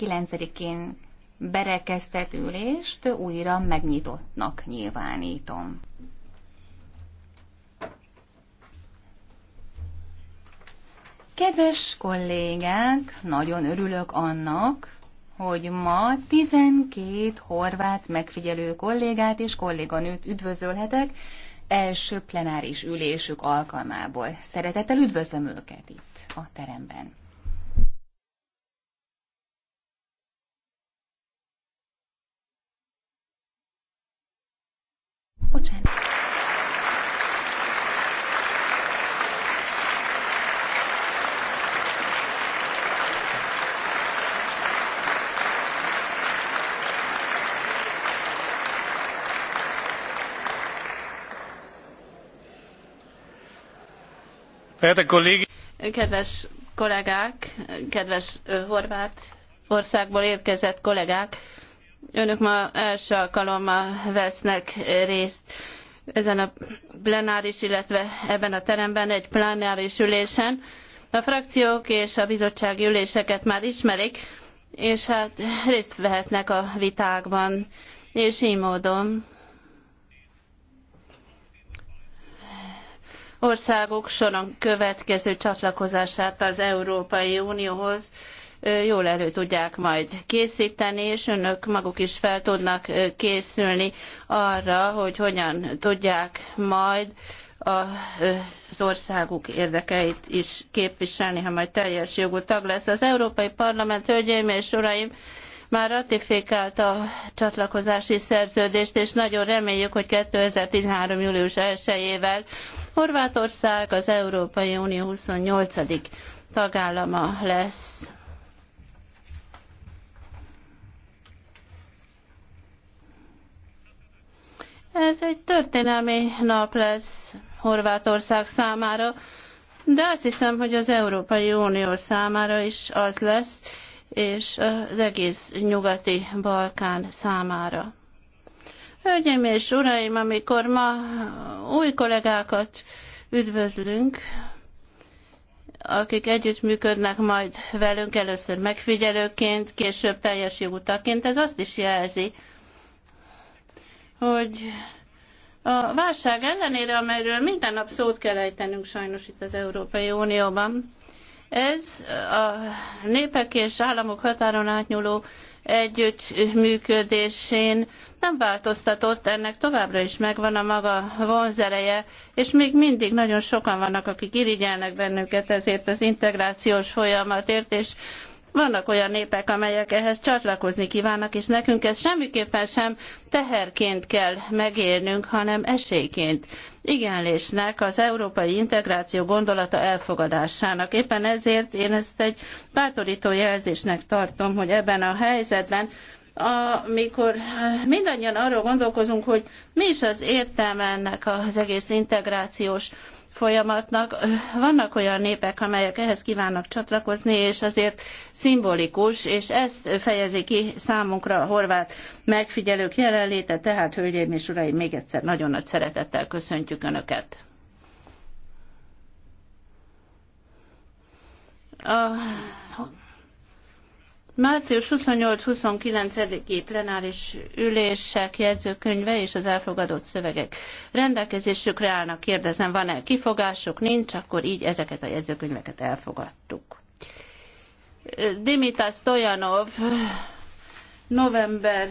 9-én berekeztett ülést újra megnyitottnak nyilvánítom. Kedves kollégák, nagyon örülök annak, hogy ma 12 horvát megfigyelő kollégát és kolléganőt üdvözölhetek első plenáris ülésük alkalmából. Szeretettel üdvözlöm őket itt a teremben. Bocsánat. Kedves kollégák, kedves Horvát országból érkezett kollégák, önök ma első alkalommal vesznek részt ezen a plenáris, illetve ebben a teremben egy plenáris ülésen. A frakciók és a bizottsági üléseket már ismerik, és hát részt vehetnek a vitákban, és így módon országok soron következő csatlakozását az Európai Unióhoz jól elő tudják majd készíteni, és önök maguk is fel tudnak készülni arra, hogy hogyan tudják majd az országuk érdekeit is képviselni, ha majd teljes jogú tag lesz. Az Európai Parlament, hölgyeim és uraim, már ratifikálta a csatlakozási szerződést, és nagyon reméljük, hogy 2013. július 1-ével Horvátország az Európai Unió 28. tagállama lesz. Ez egy történelmi nap lesz Horvátország számára, de azt hiszem, hogy az Európai Unió számára is az lesz, és az egész nyugati Balkán számára. Hölgyeim és uraim, amikor ma új kollégákat üdvözlünk, akik együttműködnek majd velünk először megfigyelőként, később teljes jogutaként, ez azt is jelzi, hogy a válság ellenére, amelyről minden nap szót kell ejtenünk sajnos itt az Európai Unióban, ez a népek és államok határon átnyúló együttműködésén nem változtatott, ennek továbbra is megvan a maga vonzereje, és még mindig nagyon sokan vannak, akik irigyelnek bennünket ezért az integrációs folyamatért, és vannak olyan népek, amelyek ehhez csatlakozni kívánnak, és nekünk ez semmiképpen sem teherként kell megérnünk, hanem esélyként igenlésnek, az európai integráció gondolata elfogadásának. Éppen ezért én ezt egy bátorító jelzésnek tartom, hogy ebben a helyzetben amikor mindannyian arról gondolkozunk, hogy mi is az értelme ennek az egész integrációs folyamatnak. Vannak olyan népek, amelyek ehhez kívánnak csatlakozni, és azért szimbolikus, és ezt fejezi ki számunkra a horvát megfigyelők jelenléte, tehát hölgyeim és uraim, még egyszer nagyon nagy szeretettel köszöntjük Önöket. A Március 28-29-i plenáris ülések jegyzőkönyve és az elfogadott szövegek rendelkezésükre állnak. Kérdezem, van-e kifogások? Nincs, akkor így ezeket a jegyzőkönyveket elfogadtuk. Dimitas Stojanov november